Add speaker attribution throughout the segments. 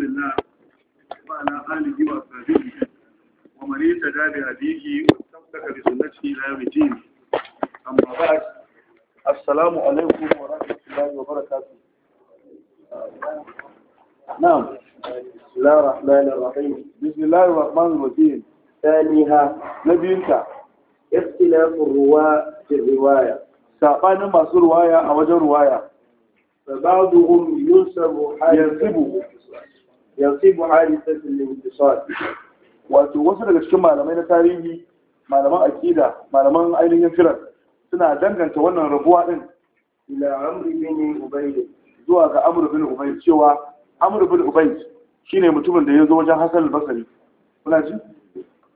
Speaker 1: رسول الله وعلى آله وأصحابه ومن اهتدى بهديه واستمسك بسنته إلى يوم الدين أما بعد السلام عليكم ورحمة الله وبركاته نعم بسم الله الرحمن الرحيم بسم الله الرحمن الرحيم ثانيها نبيك اختلاف الرواة في الرواية ساقان ما رواية أو رواية فبعضهم ينسب حاجة yansibu hadisatul lintisal wato wasu daga cikin malamai na tarihi malaman akida malaman ainihin firar suna danganta wannan rabuwa din ila amri bin ubayd zuwa ga amru bin ubayd cewa amru bin ubayd shine mutumin da ya zo wajen hasan al-basri kuna ji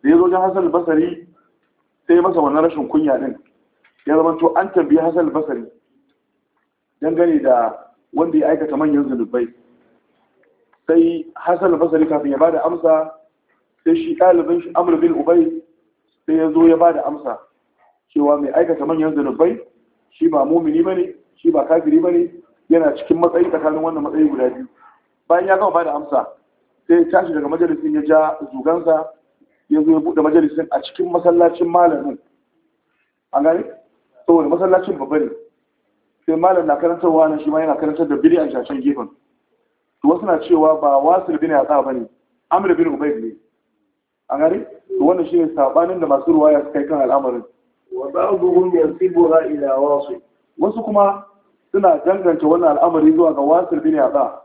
Speaker 1: da ya zo wajen hasan al-basri sai masa wannan rashin kunya din ya zama to an tambayi hasan al-basri dangane da wanda ya aikata manyan zunubai sai hasan basari kafin ya bada amsa sai shi ɗalibin shi bin ubai sai ya zo ya bada amsa cewa mai aikata manyan zanubai shi ba mumini ne, shi ba kafiri ne, yana cikin matsayi tsakanin wannan matsayi guda biyu bayan ya gama bada amsa sai ya tashi daga majalisin ya ja zugansa ya zo ya buɗe majalisin a cikin masallacin malamin an gani saboda masallacin babba ne sai malam na karantarwa na shi ma yana karantar da biri a shashen gefen wasu na cewa ba wasil bin yasa bane amr bin ubayd ne A gari to wannan shine sabanin da masu ruwaya suka kai kan al'amarin wa ba'dhum yansibuha ila wasil wasu kuma suna danganta wannan al'amari zuwa ga wasil bin yasa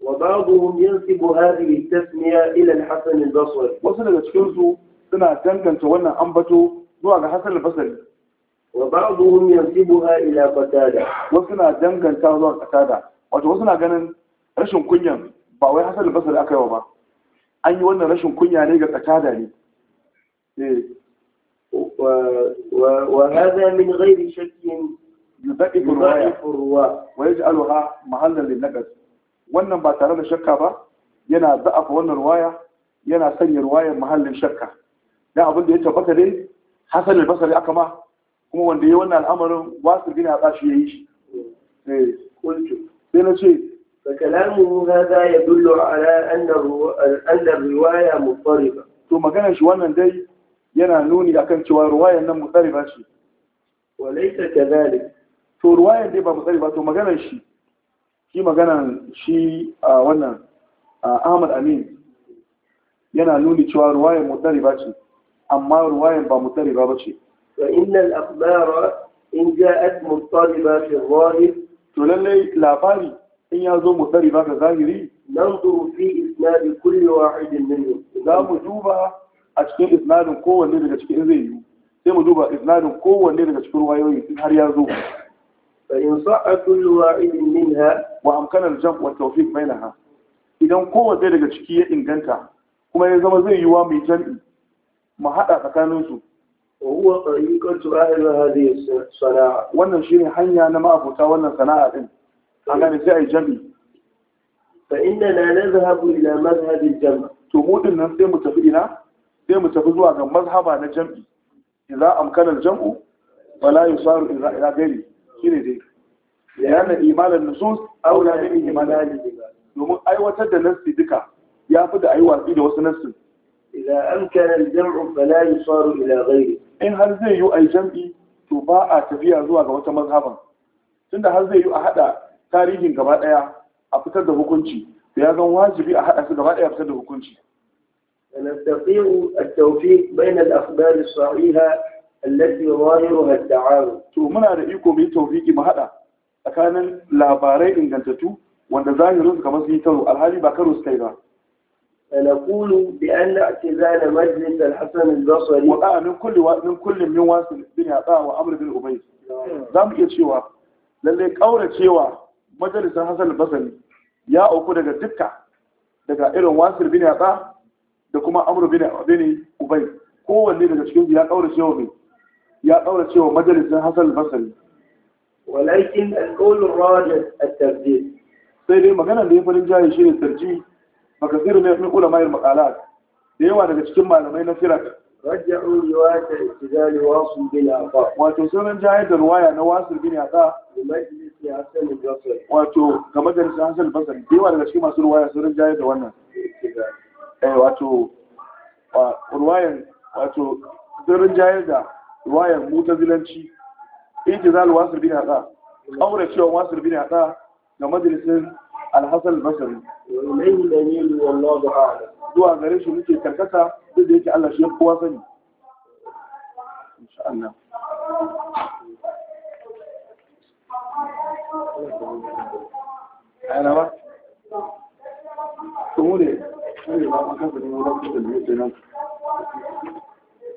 Speaker 1: wa ba'dhum yansibu hadhihi tasmiya ila al-hasan al-basri wasu daga cikin su suna danganta wannan ambato zuwa ga hasan al-basri wa ba'dhum yansibuha ila qatada wasu na danganta zuwa qatada wato wasu na ganin rashin kunya ba wai da basar aka yawa ba an yi wannan rashin kunya ne ga katada ne eh. wa hada min ghairi shakkin yudhaifu ruwa wa ya ji yaj'aluha mahallan lin naqas wannan ba tare da shakka ba yana da'afa wannan ruwaya yana sanya ruwayar mahallin shakka dan abin da ya tabbata dai hasan al-basri aka kuma wanda ya yi wannan al'amarin wasu gina ba ya yi shi eh. sai na ce فكلامه هذا يدل على أن الرواية مضطربة ثم كان شوانا دي ينعنوني رواية أنها مضطربة وليس كذلك آه، آه، شو رواية دي مضطربة ثم كان شيء شيء مكان شيء وانا أحمد أمين ينعنوني شوى رواية مضطربة أما رواية مضطربة فإن الأخبار إن جاءت مضطربة في الظاهر تولي لا فارغ in ya zo mu tsari baka zahiri nan zuru fi isnadi kulli wahidin minhum za mu duba a cikin isnadin kowanne daga cikin zai yi sai mu duba isnadin kowanne daga cikin ruwayoyi in har ya zo fa in sa'a kullu wahidin minha wa amkana al-jam' wa tawfiq bainaha idan kowanne daga ciki ya inganta kuma ya zama zai yi wa mai jam'i mu hada tsakanin su وهو طريقة أهل هذه الصناعة. وأن Wannan حنيا أنا ما أبوتا وأن صناعة إن. an gane sai a yi jami fa inna na nazhabu ila mazhabil jam to mu din sai mu tafi ina sai mu tafi zuwa ga mazhaba na jam'i idza amkana al-jam'u wala yusaru ila ila ghairi shine dai yana imanin nusus aula min imanin domin aiwatar da nassi duka ya fi da ayi watsi da wasu nassi idza amkana al-jam'u fala yusaru ila ghairi in har zai yi ai jam'i to ba a tafiya zuwa ga wata mazhaban tunda har zai yi a hada tarihin gaba daya a fitar da hukunci ya zan wajibi a haɗa su gaba daya a fitar da hukunci نستطيع التوفيق بين الأخبار الصحيحة التي ظاهرها التعارض to muna da iko mai tawfiki mu hada tsakanin labarai ingantattu wanda zahirin su kamar su yi karo alhali ba karo su kai ba نقول بأن اعتزال مجلس الحسن البصري وقع من كل و... من كل من واصل بن عطاء وعمر بن أبي زام iya cewa lallai kaura cewa majalisar Hassan Basari ya auku daga dukka daga irin Wasir bin Yatsa da kuma Amr bin abini ubai kowanne daga cikin ya cewa mai ya kaura cewa majalisar Hassan Basari walakin al-qawl rajih at-tarjih sai dai magana da ya farin jahi shi ne tarjih makasir mai min ulama al-maqalat da yawa daga cikin malamai na firak رجعوا رواية اعتزال واصل بن عطاء وتسمى جاهد رواية نواصل بن عطاء لمجلس wato ga majalisar Hassan basari da yawa daga cikin masu ruwaya sun rinjaye da wannan eh, wato ruwayan wato sun rinjaye da ruwayan mutazilanci intizal wasu bin hada kaura cewa wasu bin hada ga majalisar alhassan basari zuwa gare shi muke karkata duk da yake allah shi ya kowa sani yana ba su mure ne ba a kamfanin wurin kusa da yake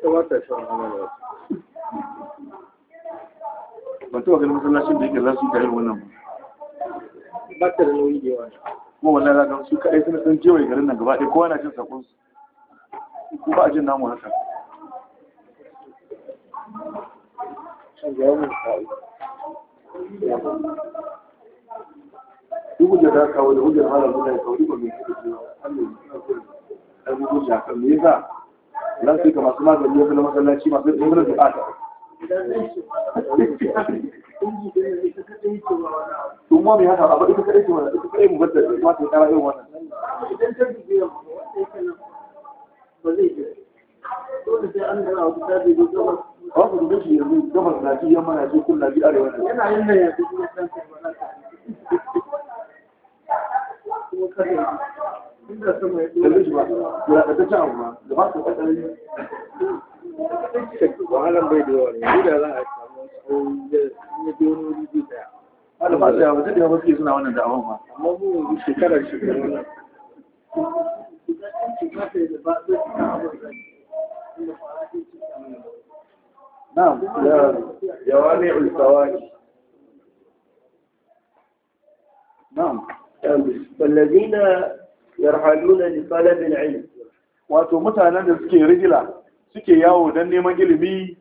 Speaker 1: ta ba ta shan da ba. ba ta wakilin masallacin da yake za su kayi wannan ba ba ta da da yawa kuma wannan ranar garin nan gaba ɗaya kowa na jin sakon su ba a jin namu haka Thank you. duk hujjar da kawo da hujjar mara zuwa ya kawo riba mai kuma cewa hannun ɗan hujja a kan me yasa za su ka masu magani wasu na masallaci masu yin wani bukata. Tun ma mai haka abu ita kaɗai ce mana ita kaɗai mu bata ma ta kara yin wannan. Idan ta bi dubiya ba zai je. Dole sai an gara wata ta dubi gabas. Ba ku da shi yanzu gabas na ji yamma na ji kulla ji arewa Yana yin da yanzu kuma kan kai ba za ta kuma kare inda sama ya dole shi ba ya abu ma da ba ne wahalan bai da yawa ne da za a samu tsawon ya biyo wuri zai daya wanda ba su yawa da yawa suke suna wannan ma amma mu shekarar والذين يرحلون لطلب wato mutanen da suke rigila suke yawo don neman ilimi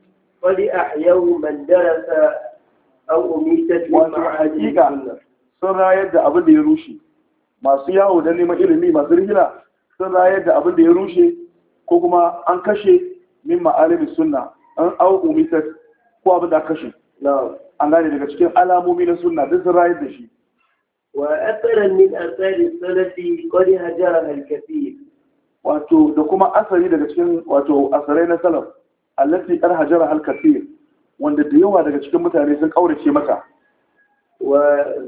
Speaker 1: a yau wato hakika sun rayar da abin da ya rushe masu yawo don neman ilimi masu rigila sun rayar da abin da ya rushe ko kuma an kashe min ma'alimin sunna an au umita ko abin da kashe an gane daga cikin alamomi na sunna duk sun rayar da shi وأثرا من أثار السلف قد هجرها الكثير wato da kuma asali daga cikin asarai na salaf allati qad hajara al wanda da yawa daga cikin mutane sun kaurace mata wa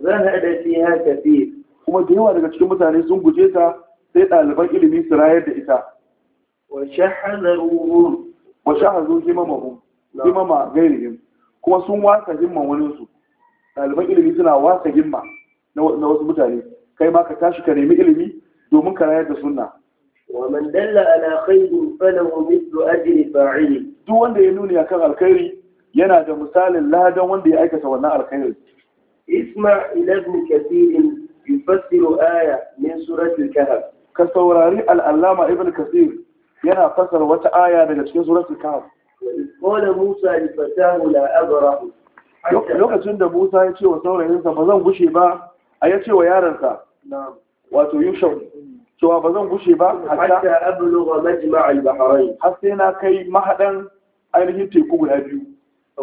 Speaker 1: zahada fiha kathir kuma da yawa daga cikin mutane sun guje ta sai ɗaliban ilimi su rayar da ita wa kuma sun wasa himman wani su ɗaliban ilimi suna wasa himma na wasu mutane kai ma ka tashi ka nemi ilimi domin ka rayar da sunna wa man dalla ala khairin falahu mithlu ajri fa'ili duk wanda ya nuni akan alkhairi yana da misalin ladan wanda ya aikata wannan alkhairi isma ila ibn kathir yufassiru aya min surati al-kahf ka saurari al-allama ibn kathir yana fasar wata aya daga cikin surati al-kahf qala musa li fatahu la abrahu lokacin da musa ya ce wa saurayinsa ba zan gushe ba a ya ce wa yaransa wato yushau cewa ba zan gushe ba hatta har sai na kai mahadan ainihin teku guda biyu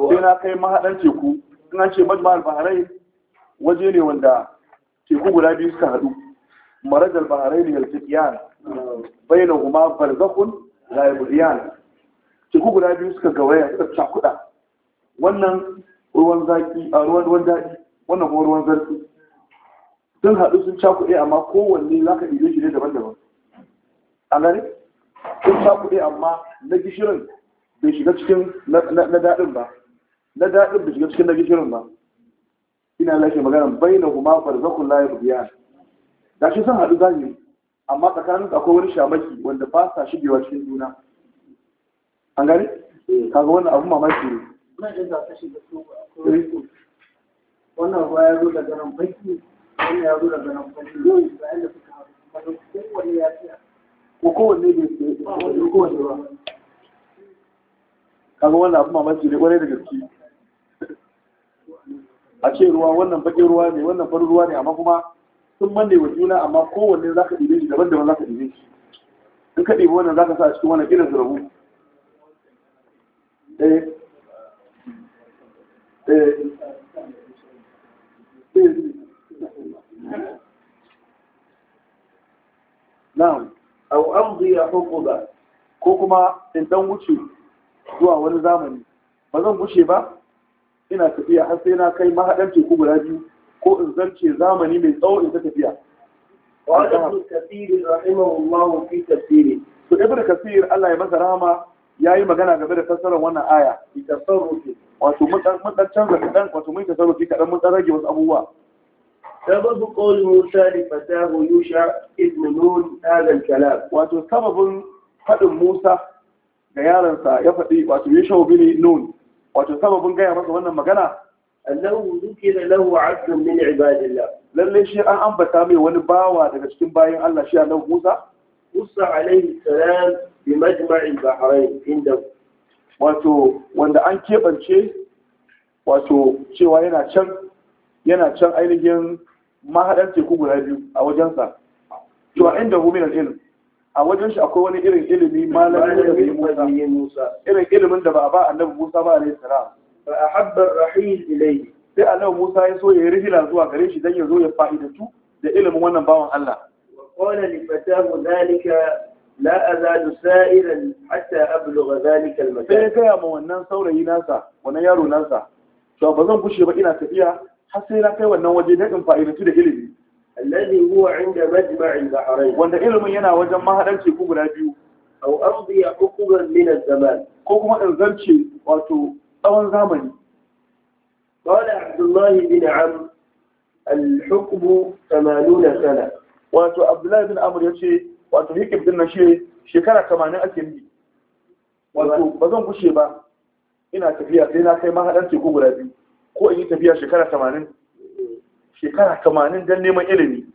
Speaker 1: sai na kai mahadan teku in ce majima al-bahrain waje ne wanda teku guda biyu suka hadu maraj al-bahrain bai na kuma la laibiriyan teku guda biyu suka gawaya suka cakuda wannan ruwan zaki a ruwan ruwan wannan ruwan zarfi sun haɗu sun cakuɗe amma kowanne za ka ɗiɗe shi ne daban-daban a gani sun cakuɗe amma na gishirin bai shiga cikin na daɗin ba na daɗin bai shiga cikin na gishirin ba ina lashe magana bai na kuma farzakun layar biya da shi sun haɗu yi amma tsakanin akwai wani shamaki wanda ba sa shigewa cikin juna an gani eh. kaga wannan abu mamaki ne wannan ruwa ya zo daga nan baki ya suka ko bai ba kowanne ba kaga wannan abu mamaki ne kwarai da gaske a ce ruwa wannan baƙin ruwa ne wannan farin ruwa ne amma kuma sun manne wa juna amma kowanne za ka ɗibe shi daban-daban za ka ɗibe shi in ka ɗibe wannan za ka sa a cikin wannan irin zurabu ɗaya eh. ɗaya eh. eh. na'am au amdi ya hukuba ko kuma in ɗan wuce zuwa wani zamani ba zan wuce ba ina tafiya har sai na kai mahaɗan teku guda biyu ko in zance zamani mai tsawo in ta tafiya قال ابن كثير رحمه الله في تفسيره Su ibn kasir Allah ya masa rahama yayi magana game da fassarar wannan aya bi tasarrufi wato mun ɗan canza kadan wato mun tasarrufi kadan mun ɗan rage wasu abubuwa سبب قول موسى لفتاه يوشع ابن نون هذا الكلام واتو سبب فد موسى ga yaransa ya faɗi wato ya shawo bini nun sababin gaya masa wannan magana ذكر له عبد من عباد الله لله shi an ambata mai wani bawa daga cikin bayan Allah shi annabi Musa Musa alaihi salam bi majma'i bahrain inda wato wanda an kebance wato cewa yana can yana can ainihin mahaɗar teku guda biyu a wajensa cewa inda hu ilim. a wajen shi akwai wani irin ilimi malamin da Musa irin ilimin da ba a ba annabi Musa ba alayhi salam fa ahabba rahil ilayhi sai annabi Musa ya so ya yi rihila zuwa gare shi dan ya zo ya fa'idatu da ilimin wannan bawan Allah wa qala li fatahu dhalika la azadu sa'iran hatta ablugha dhalika al-makan sai ya ga ma wannan saurayi nasa wannan yaro nasa to ba zan gushe ba ina tafiya har sai na kai wannan waje na in da ilimi alladhi huwa inda majma'il bahrain wanda ilimin yana wajen mahadan teku guda biyu aw ardi uquban min az-zaman ko kuma in zance wato tsawon zamani qala abdullahi bin amr al-hukmu 80 sana wato abdullahi bin amr yace wato hikim din nan shi shekara 80 ake yi wato ba zan kushe ba ina tafiya sai na kai mahadan teku guda biyu ko in yi tafiya shekara tamanin shekara tamanin don neman ilimi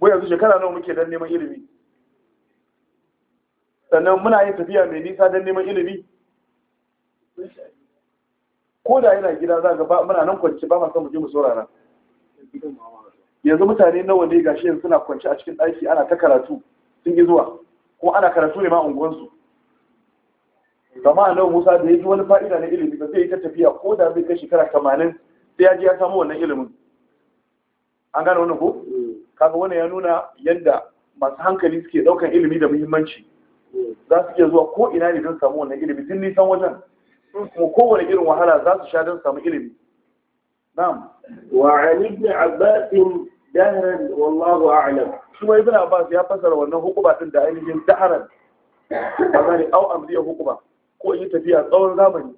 Speaker 1: ko eh? yanzu shekara nawa muke don neman ilimi sannan muna yin tafiya mai nisa don neman ilimi ko da yana gida za ga muna nan kwanci ba masu mujimu mu saurara yanzu mutane nawa ne gashi yanzu suna kwanci a cikin ɗaki ana ta karatu sun yi zuwa kuma ana karatu ne ma unguwansu kama nan Musa da ya ji wani fa'ida na ilimi ba sai ya tafiya ko da zai kai shekara tamanin sai ya ji ya samu wannan ilimin an gane wannan ko kaga wannan ya nuna yadda masu hankali suke daukan ilimi da muhimmanci za su iya zuwa ko ina ne don samu wannan ilimi tun nisan wajen kuma kowane irin wahala za su sha don samu ilimi na'am wa an ibn abbas dahran wallahu a'lam kuma ibn abbas ya fasara wannan hukuma din da ainihin dahran ba ne au amriya hukuma ko yi tafiya tsawon zamani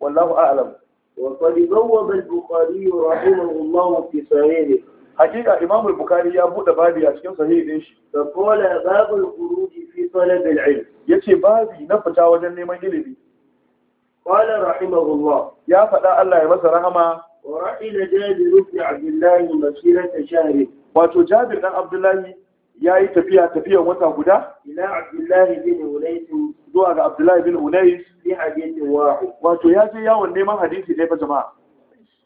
Speaker 1: wallahu a'lam wa qad zawwada al-bukhari rahimahullahu fi sahihi hakika imam bukhari ya bude babi a cikin sahihi din shi da kola babul khuruji fi talab al-ilm yace babi na fita wajen neman ilimi qala rahimahullah ya fada Allah ya masa rahama wa ra'ila jabir ibn abdullah mashirata shahri wato jabir dan Abdullahi? ya yi tafiya tafiyan wata guda ila abdullahi bin unais zuwa ga abdullahi bin unais bi hadisi wahu. wato ya je yawon neman hadisi dai fa jama'a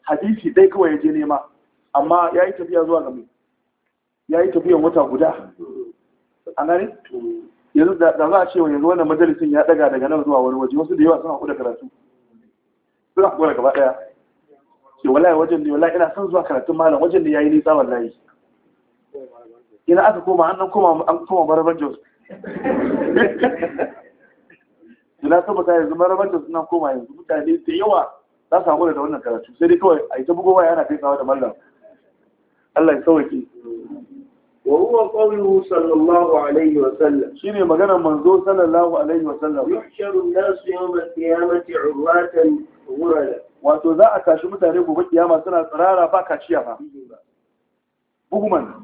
Speaker 1: hadisi dai kawai ya je nema amma ya yi tafiya zuwa ga mai ya yi tafiyan wata guda a gani yanzu da za a ce wa yanzu wannan majalisin ya daga daga nan zuwa wani waje wasu da yawa suna kuda karatu suna kuda gaba daya ce wallahi wajen ne wallahi ina son zuwa karatun malam wajen ne yayi nisa wallahi ina aka koma an koma an koma marabar jos ina tabbata yanzu marabar jos suna koma yanzu mutane da yawa za su haƙura da wannan karatu sai dai kawai a yi ta bugowa yana kai sawa da mallam Allah ya sauke وهو قوله صلى الله عليه وسلم manzo, sallallahu منظور wa sallam. عليه وسلم يحشر الناس يوم القيامة عراتا غرلا wato za a tashi mutane gobe kiyama suna tsirara ba kaciya ba buguman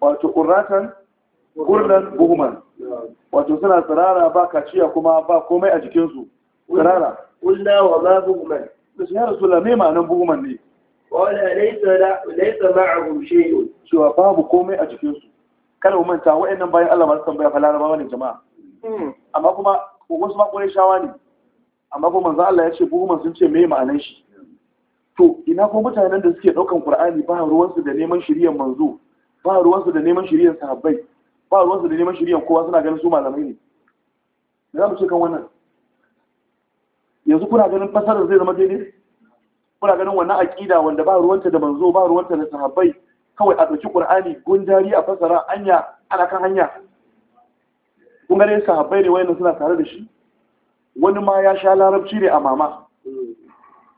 Speaker 1: wato qurratan gurnan buhuman wato suna tsirara ba kaciya kuma ba komai a jikinsu tsirara kulla wa ma buhuman da shi ya rasula me ma'anan buhuman ne wala laisa ma'ahum shay'un cewa babu komai a jikinsu kada mu manta wa'annan bayan Allah ba su tambaya fa laraba wannan jama'a hmm. amma kuma wasu ma kore shawa ne amma kuma manzo Allah ya ce buhuman sun ce me ma'anan shi to ina ko mutanen da suke daukan qur'ani ba su da neman shiriyar manzo ba ruwansu da neman shiriyar sahabbai ba ruwansu da neman shiriyar kowa suna ganin su malamai ne da za mu ce kan wannan yanzu kuna ganin fasarar zai zama daidai kuna ganin wannan aƙida wanda ba ruwanta da manzo ba ruwanta da sahabbai kawai a ɗauki ƙur'ani gundari a fasara anya ana kan hanya kun gane sahabbai ne wayannan suna tare da shi wani ma ya sha larabci ne a mama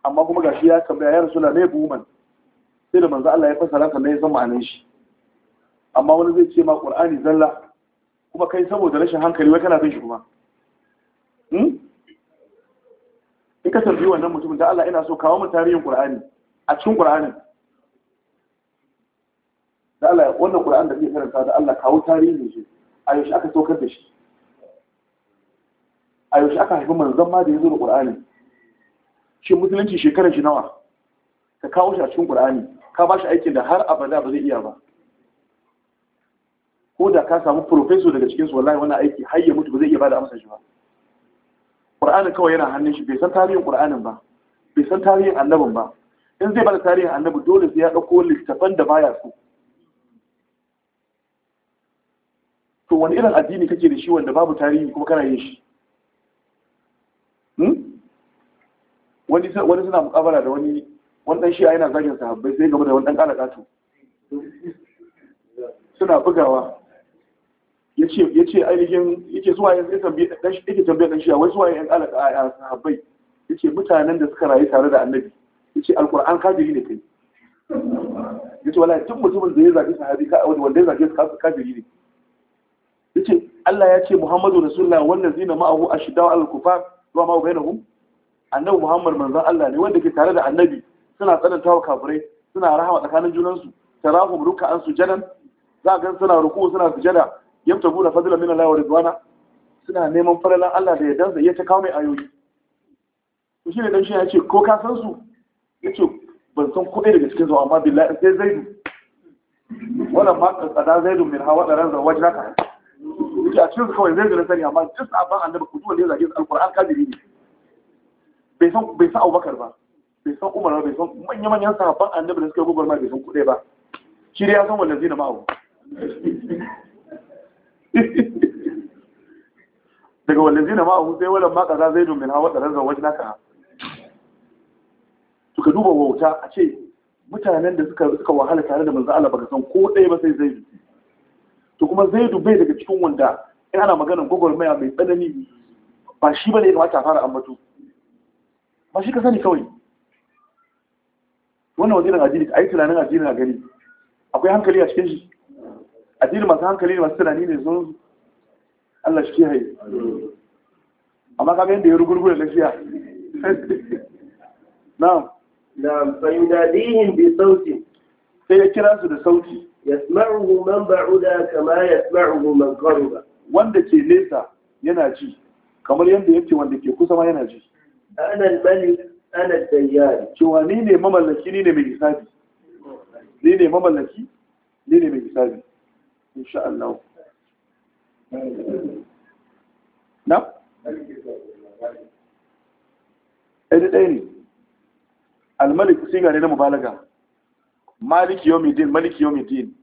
Speaker 1: amma kuma gashi ya tambaya ya rasu na ne buman sai da manzo Allah ya fasara sannan ya san ma'anar shi amma wani zai ce ma ƙur'ani zalla kuma kai saboda rashin hankali wai kana bin shi kuma hmm? in ka tambayi wannan mutumin da Allah ina so kawo mu tarihin ƙur'ani a cikin ƙur'anin da Allah wannan ƙur'an da zai karanta da Allah kawo tarihin shi a yaushe aka saukar da shi a yaushe aka haifi manzon ma da ya zo da ƙur'ani shi musulunci shekarar shi nawa ka kawo shi a cikin ƙur'ani ka ba shi aikin da har abada ba zai iya ba ko da ka samu professor daga cikinsu wallahi wani aiki har ya mutu ba zai iya da amsa shi ba Qur'anin kawai yana hannun shi bai san tarihin Ƙur'anin ba bai san tarihin annabin ba in zai bada tarihin annabi dole sai ya dauko littafan da baya so to wani irin addini kake da shi wanda babu tarihi kuma kana yin shi hmm? wani suna mukabara da wani wani dan shi'a yana zagin sahabbai sai game da wani dan kalakatu suna bugawa ya ce ainihin yake zuwa ya tambaye dan shi wai zuwa yan alaka a sahabbai yace mutanen da suka rayu tare da annabi yace alquran kafiri ne kai yace wallahi duk mutumin da ya zaki sahabi ka wanda ya zaki ka kafiri ne yace Allah ya ce Muhammadu Rasulullah wannan zina ma'ahu ashiddau alal kufar wa ma bainahum annabi Muhammad manzon Allah ne wanda ke tare da annabi suna tsanantawa kafirai suna rahama tsakanin junansu tarahum ruka'an sujadan za ga suna ruku suna sujada yabtaguna fadlan min Allah wa ridwana suna neman farallan Allah da yardan ya ta kawo mai ayoyi to ne dan shi ya ce ko ka san su yace ban san kuɗi daga cikin su amma billahi sai zaidu wannan ma tsada zaidu min hawa da ran zawaj naka yace a su kawai zaidu na sani amma duk sabon annabi ku duwan ne ya zage alquran kadiri ne bai san bai san Abubakar ba bai san Umar ba bai san manyan manyan sahabban annabi da suka gogor ma bai san kuɗi ba shirya ya san wallazi na ma'au daga wallazi na ma'ahu sai wadda maka za zai domin hawa tsarar wajen naka suka duba wauta a ce mutanen da suka wahala tare da manzo Allah baka san ko ɗaya ba sai zai zaidu to kuma zai dubai daga cikin wanda in ana maganar maya mai tsanani ba shi ba ne ya kamata fara ambatu ba shi ka sani kawai wannan wazirin ajiyar a yi tunanin ajiyar a gani akwai hankali a cikin shi addinin masu hankali ne masu tunani ne sun Allah shi kiyaye amma kama yadda ya rugurgu da lafiya Na amfani da dihin bi sauti sai ya kira su da sauti yasma'uhu ba'u da kama yasma'uhu man ba. wanda ke nesa yana ji kamar yadda yake wanda ke kusa ma yana ji ana mani malik ana ad cewa ni ne mamallaki ni ne mai hisabi ni ne mamallaki ni ne mai hisabi insha Allah na? ɗaya ɗaya ne almalik siga ne na mubalaga maliki Yomi medin maliki Yomi yau medin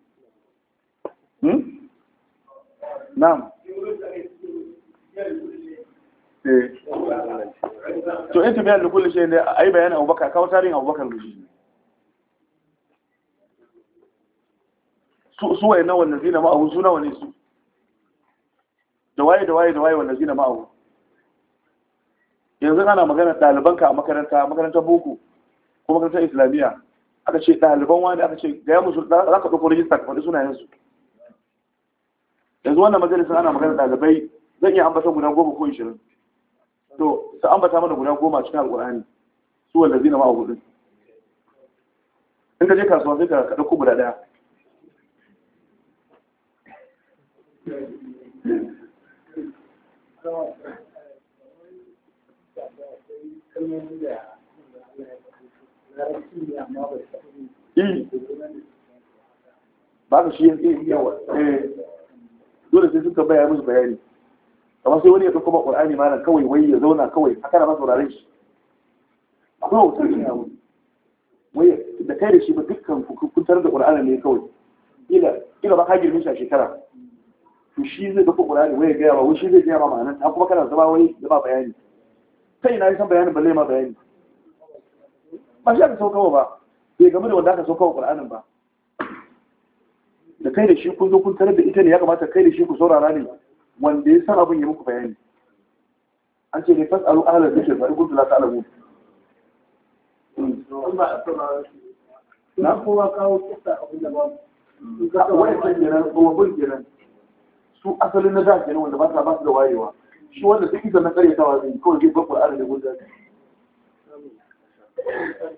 Speaker 1: hmm? na'am eh. to in tafiya da kulle shi ne a yi bayanin abubakar kawo tarihin abubakar rushe su waye na wannan zina ma'ahu su nawa ne su da waye da waye da waye wannan zina ma'ahu yanzu ana magana ɗalibanka a makaranta makarantar boko ko makarantar islamiyya aka ce ɗaliban wani aka ce ga yamu za ka ɗauko rijista ka faɗi sunayensu yanzu wannan majalisar ana magana ɗalibai zan iya ambata guda goma ko ishirin to su ambata mana guda goma cikin alƙur'ani su wanda zina ma'ahu hudu in ka je kasuwa sai ka ɗauko guda ɗaya ba ka shi yin yawa eh. dole sai suka baya musu bayani kamar sai wani ya ɗauko ba ƙur'ani ma kawai wai ya zauna kawai haka na masauraran shi akwai hotar shi yawo wai da kai da shi ba dukkan kuntar da ƙur'ani ne kawai ila ba ka girmin shi a shekara to shi zai ɗauko ƙur'ani wai ya gaya ma wai shi zai gaya ma ma'anar ta kuma kana zama wai da ba bayani kai na yi san bayanin ba zai ma bayani ba shi aka saukawa ba bai game da wanda aka saukawa ƙur'anin ba kai da shi kun zo kun tarar da ita ne ya kamata kai da shi ku saurara ne wanda ya san abin ya muku bayani an ce ne fasalu ahla zikr fa kuntum la ta'lamun na kowa kawo kisa abin da ba wani san kenan babban kenan su asalin na da kenan wanda ba sa ba su da wayewa shi wanda duk isa na karyatawa zai kawai zai babbar ara da gudu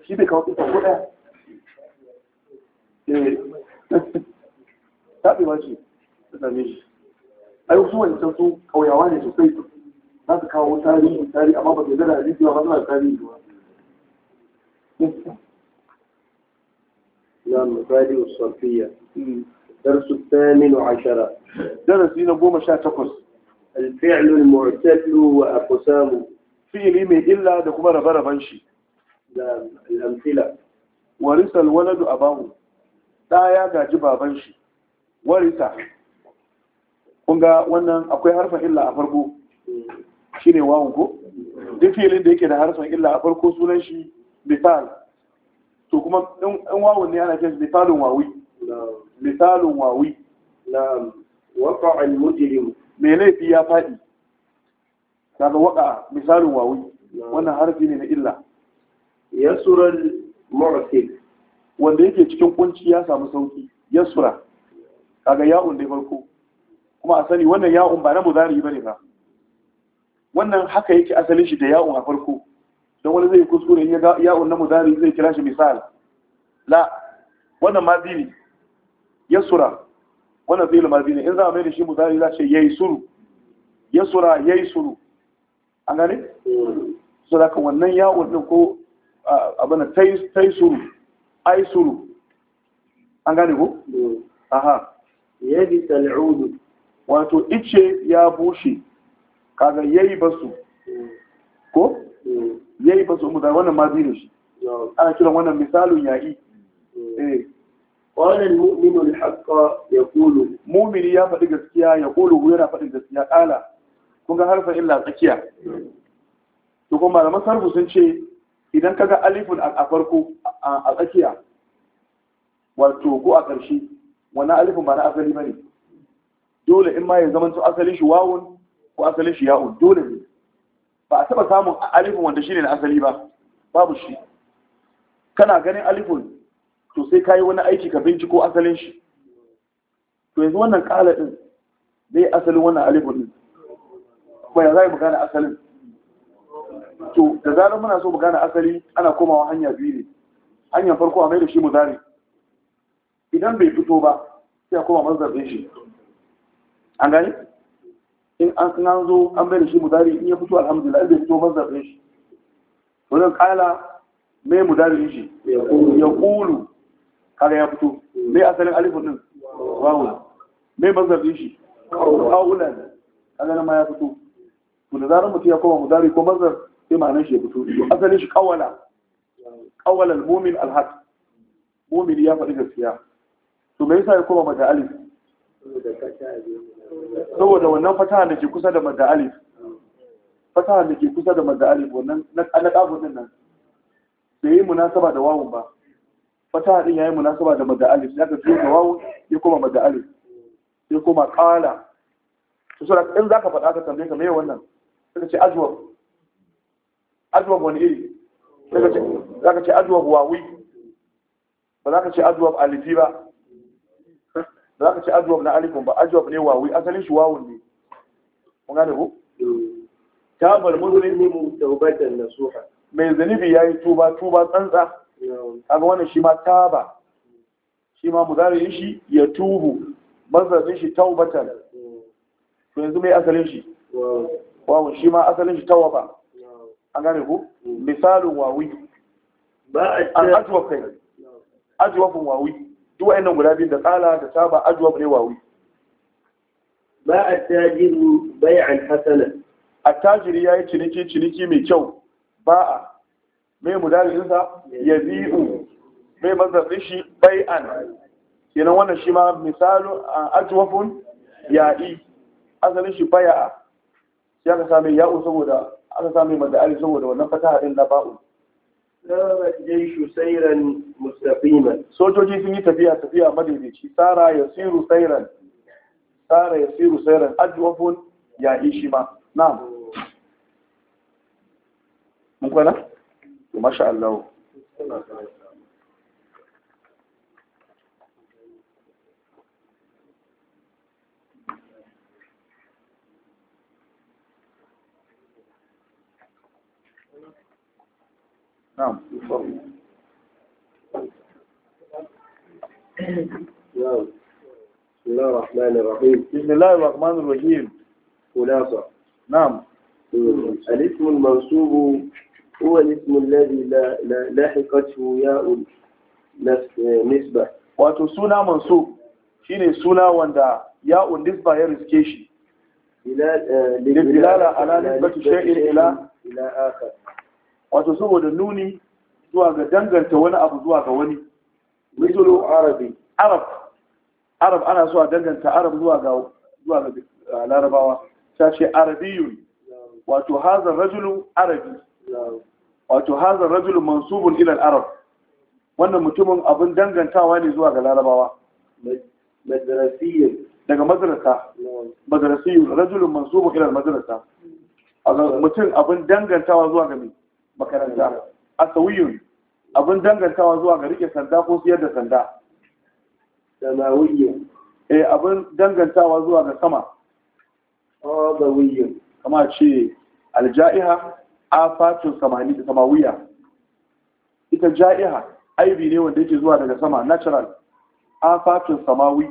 Speaker 1: shi bai kawo kisa ko ɗaya eh. taɓewa ce ta same shi ai su wancan su ƙauyawa ne sosai za su kawo tarihi tarihi amma ba su da hadisi ba suna tarihi ba na misali safiya درس الثامن عشر درس لنا بوما شاء تقص الفعل المعتل وأقسامه فعل من إلا دكما ربنا بنشي الأمثلة ورث الولد أباه لا يا جاجب أبنشي warisa kunga ga wannan akwai harfin illa a farko shine wawon ko duk filin da yake da harfin illa a farko sunan shi misal to kuma in wawon ne ana kiran misalun wawi misalun wawi na waqa'a al-mujrim me laifi ya fadi kaga waka misalun wawi wannan harfi ne na illa yasural mu'sil wanda yake cikin kunci ya samu sauki yasura kaga ya'un dai farko kuma a sani wannan ya'un ba na ba bane ba wannan haka yake asalin shi da ya'un a farko don wani zai kuskure ya ga ya'un na muzari zai kira shi misal la wannan mazini yasura wannan fi'il mazini in za a mai da shi muzari za ce yaysuru yasura suru. an gane so da wannan ya'un din ko abana ai aisuru an gane ko aha yabita tal'udu wato ice ya bushe kaga yayi basu ko yayi basu mu da wannan ma zai shi ana kiran wannan misalun yayi eh قال المؤمن ya kulu. mu'min ya faɗi gaskiya ya kulu yana fadin gaskiya kala kun ga harfa illa tsakiya to kuma malaman sarfu sun ce idan kaga alifun a farko a tsakiya wato ko a ƙarshe Wani alifin ba na asali ba ne dole in ma ya zama su asalin shi wawun ko asalin shi ya'un dole ne ba a taɓa samun alifin wanda shi ne na asali ba babu shi kana ganin alifin to sai ka yi wani aiki ka binciko asalin shi to yanzu wannan ƙala ɗin zai asalin wannan alifin ɗin ya za mu gane asalin to da zarar muna so mu gane asali ana komawa hanya biyu ne hanyar farko a mai da shi mu zare idan bai fito ba sai a koma mazdar din shi an gani in an suna zo an bai da shi mudari in ya fito alhamdulillah in bai fito mazdar din shi Wajen kala mai mudari shi ya kulu kaga ya fito mai asalin alifun din mai mazdar din shi kawulan kaga ma ya fito to da zarar mutum ya koma mudari ko mazar sai ma'anar shi ya fito asalin shi kawala kawalan mumin al mu'min ya faɗi gaskiya to me yasa ya koma mata alif saboda wannan fata da ke kusa da mata alif fata da ke kusa da mata alif wannan na kafin nan da yi munasaba da wawun ba fata din yayi munasaba da mata alif ya ka fiye da wawun ya koma mata alif ya koma ƙala. to sura in zaka faɗa ka tambaye ka me wannan suka ce ajwab ajwab wani iri za ce zaka ce ajwab wawi ba ka ce ajwab alifi ba za ka ce ajiwab na alifin ba ajiwab ne wawi asalin shi wawun ne kun da ku mu muzlimu tawbatan nasuha mai zanibi yayi tuba tuba tsantsa kaga wannan shi ma taba shi ma muzari shi ya tubu Mazarin shi taubatan to yanzu mai asalin shi wawun shi ma asalin shi tawaba an gane ku misalin wawi ba a kai wawi duk wa'annan guda biyu da tsala da saba ajwab ne wawi ba a bai attajiru a tajiri ya yi ciniki ciniki mai kyau Ba a mai mudalin sa zi'u mai mazdarin shi bai an. kenan wannan shi ma misalu ajwabun yaɗi, asalin shi a ya ka sami ya'u saboda aka sami madda saboda wannan fata haɗin na ba'u sarat jaishu sairan sojoji sun yi tafiya tafiya madaidaici sara yasiru sairan sara yasiru sairan shi ya ishi ma mun kwana masha Allah نعم بسم الله الرحمن الرحيم بسم الله الرحمن الرحيم خلاصة نعم الاسم المنصوب هو الاسم الذي لا لا لاحقته ياء نسبة واتو سونا منصوب شيني سونا وندا ياء نسبة هي رزكيشي آه، لدلالة على نسبة شيء إلى إلى آخر wato saboda nuni zuwa ga danganta wani abu zuwa ga wani misalu arabi arab arab ana zuwa danganta arab zuwa ga zuwa ga uh, larabawa ta ce arabiyun wato hadha rajulu arabi wato hadha rajulu mansubun ila al-arab wannan mutumin abin dangantawa ne zuwa ga larabawa daga madrasa madrasiyyin rajulun mansubun ila al-madrasa mutum abin dangantawa zuwa ga mai makaranta sauyin abin dangantawa zuwa ga rike sanda ko siyar da sanda Da na samawiyun eh abin dangantawa zuwa ga sama qadawiyun kama ce aljaiha A fatin samani samawiya ita jaiha aibi ne wanda yake zuwa daga sama natural A afatun samawi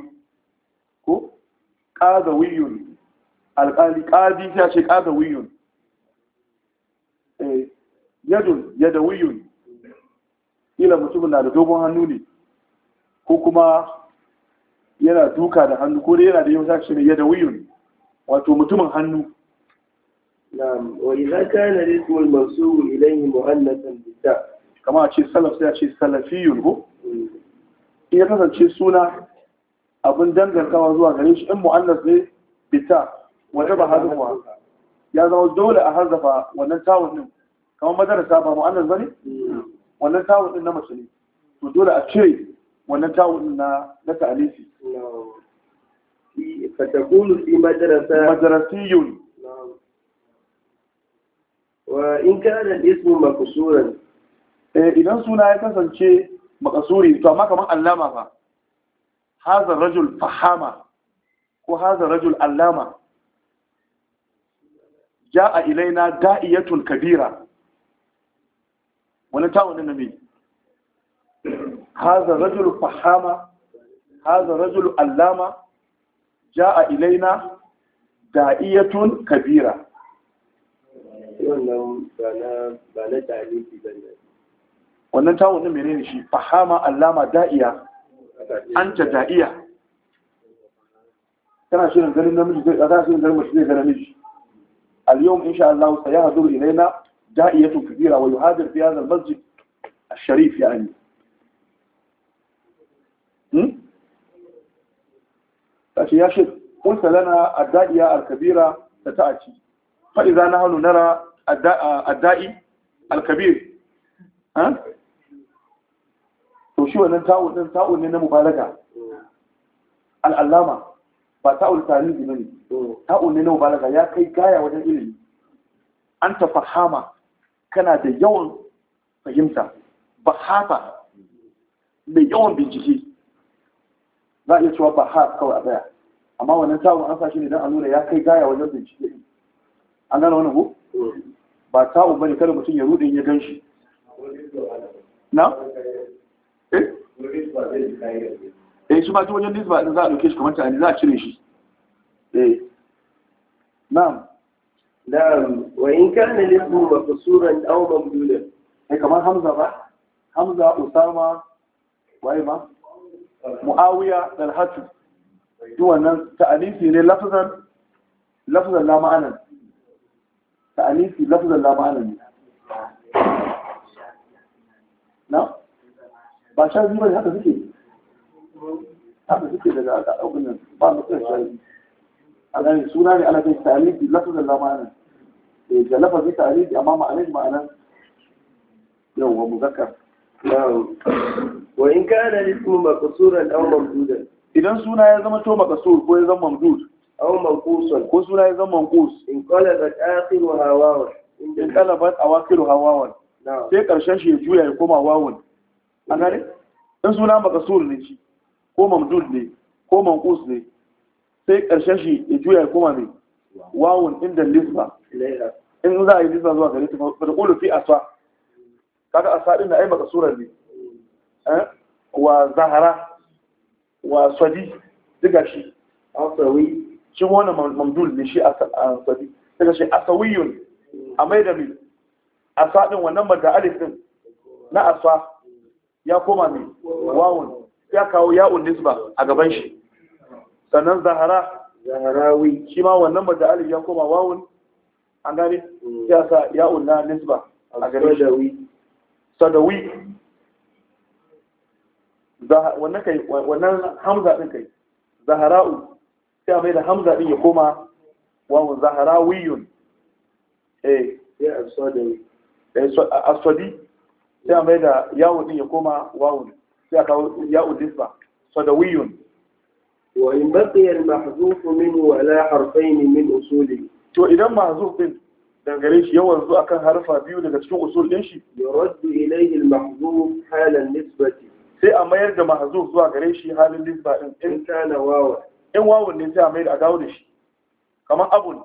Speaker 1: ko qadawiyun alqali qadi sai ce qadawiyun yadun yadawiyun ila mutumin na da dogon hannu ne ko kuma yana duka da hannu ko dai yana da yawan shi ne yadawiyun wato mutumin hannu na'am wa idza kana rizqul mansub ilayhi mu'annatan bisa kama a ce salaf sai a ce salafiyun ko hmm. in ya kasance suna abin dangantawa zuwa gare shi in mu'annas ne bita wanda ba hazuwa ya zama dole a hazafa wannan tawon din kamar madarasa ba mu'annas ne? wannan tawun din na mace ne to dole a cire wannan tawun din na na ta'alifi fatakunu fi madarasa madarasiyun wa in kana ismu maksuran eh idan suna ya kasance makasuri to amma kaman allama fa hadha rajul fahama ko hadha rajul allama ja'a ilaina da'iyatun kabira wani tawon din na mai haza rajul fahama haza rajul allama a ilaina da'iyatun kabira wannan ba na ta'aliki ne shi fahama allama da'iya anta da'iya kana shirin ganin namiji zai shirin ganin mace zai ga namiji al yau insha Allah sayahdur ilaina داعية كبيرة ويهاجر في هذا المسجد الشريف يعني تأتي يا شيخ قلت لنا الداعية الكبيرة ستأتي فإذا نحن نرى الداعي الكبير ها to shi wannan ta'un din ta'un ne na mubalaga al'allama ba ta'un tarihi ne ta'un ne na mubalaga ya kai gaya wajen ilimi an tafahama kana da yawan fahimta ba hafa, mai yawan bincike za a iya cewa hafa kawai a tsaya amma wannan tawon an sashi ne don a nuna ya kai gaya wajen bincike an gano wani ko ba tawon bane kada mutum ya rudin ya gan shi na? eh? eh shi ma ta wajen nisba za a ɗauke shi kamar ta za a cire shi eh na'am نعم وإن كان الاسم مكسورا أو مبدولا هي إيه، كمان حمزة صح حمزة أسامة وإيما معاوية للحاتم دو تانيسي تأليفي لفظا لا معنى تأليفي لفظا لا معنى نعم باشا sha biyu ذكي haka ذكي لذلك أو قلنا بعض ba mu kira shari'i a gani suna لفظا ana kai da lafazi ta alidi amma ma'anan ma'anar wa muzakkar wa in ka kana ismu maqsuran aw mamdudan idan suna ya zama to maqsur ko ya zama mamdud aw manqusan ko suna ya zama manqus in qalabat wa hawawar in a wakil wawan sai ƙarshen shi ya juya ya koma wawan an gane in suna maqsur ne shi ko mamdud ne ko manqus ne sai ƙarshen shi ya juya ya koma ne wawan inda lisba in za a yi nisa zuwa gare ta ba da ƙulu fi sa kaga aswa din na ai maka surar ne eh? wa zahara wa Sadi, diga shi asawi shi wani mamdul ne shi asawi daga shi asawiyun a mai da mai aswa din wannan ba da na aswa ya koma mai wawun ya kawo ya'un nisba a gaban shi sannan zahara zaharawi shi ma wannan ba da alif ya koma wawun an gane mm. ya sa ya'un na nisba a gare shi sadawi wannan wannan hamza ɗin kai zahara'u sai a mai da hamza ɗin ya koma wawon zahara'uyun eh. eh, a ya sai a mai da yawon ɗin ya koma wawon sai a kawo yawon nisba sadawiyun wa in baqiyal mahzuf min wala harfayn min usuli to idan mahzuf din da gare shi yawan zuwa kan harfa biyu daga cikin usul din shi raddu ilayhi al-mahzuf halan nisbati sai a mayar da mahzuf zuwa gare shi halin nisba din in kana wawa in wawun ne sai a mayar a dawo da shi kamar abun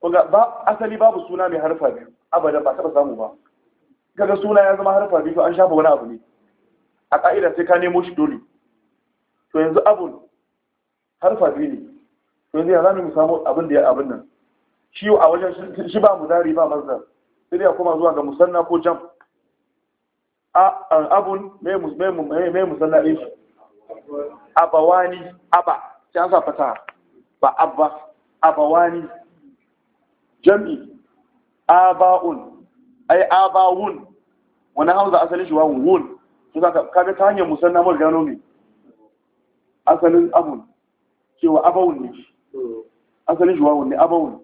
Speaker 1: kuma ba asali babu suna mai harfa biyu abada ba taba samu ba kaga suna ya zama harfa biyu to an shafa wani abu ne a ka'ida sai ka nemo shi dole to yanzu abun harfa biyu ne yanzu ya za mu samu abin da ya abin nan shi a wajen shi ba zari ba mazdar sai dai kuma zuwa ga musanna ko jam abun mai musanna ɗin shi abawani aba sai an sa fata ba abba abawani jam'i aba'un ai abawun wani hamza asalin shi wawun wun su ga ta hanyar musanna mun gano ne asalin abun cewa abawun ne shi asalin shi ne abawun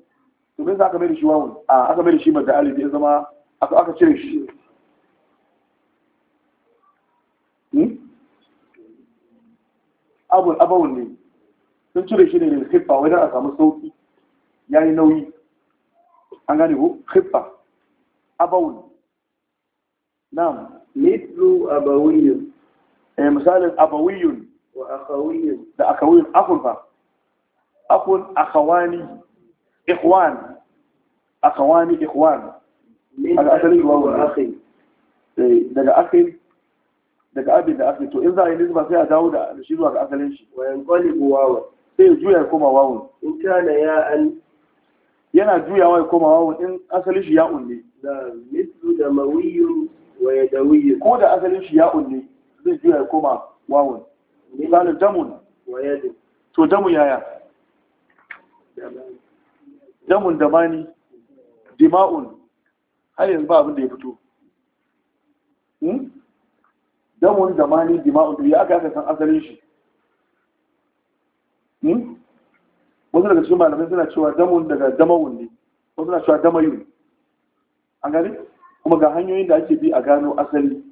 Speaker 1: to me aka mai da shi a aka mai da shi madda alif ya zama aka cire shi hmm? abun abawun ne sun cire shi ne da khifa wai a samu sauki Ya yi nauyi an gane ko khifa abawun na mithlu abawiyun eh misalin abawiyun da akhawiyun akhul fa akun akhawani ikhwan akhawani ikhwan daga asalin ruwa akhi daga akhi daga abin da akhi to in za a yi nisba sai a dawo da shi zuwa ga asalin shi wayan qalibu wawa sai juya koma wawun in kana ya an yana juyawa ya koma wawun in asalin shi ya'un ne da mislu da mawiyyu wa yadawiyyu ko da asalin shi ya'un ne zai juya ya koma wawun misalin damun wa yadu to damu yaya damun da mani dima'un har yanzu ba abin da ya fito damun hmm? da mani dima'un ya aka yaka san asalin shi hmm? wasu daga cikin malamai suna cewa damun daga damawun ne wasu na cewa damayun an gani kuma ga hanyoyin da ake bi a gano asali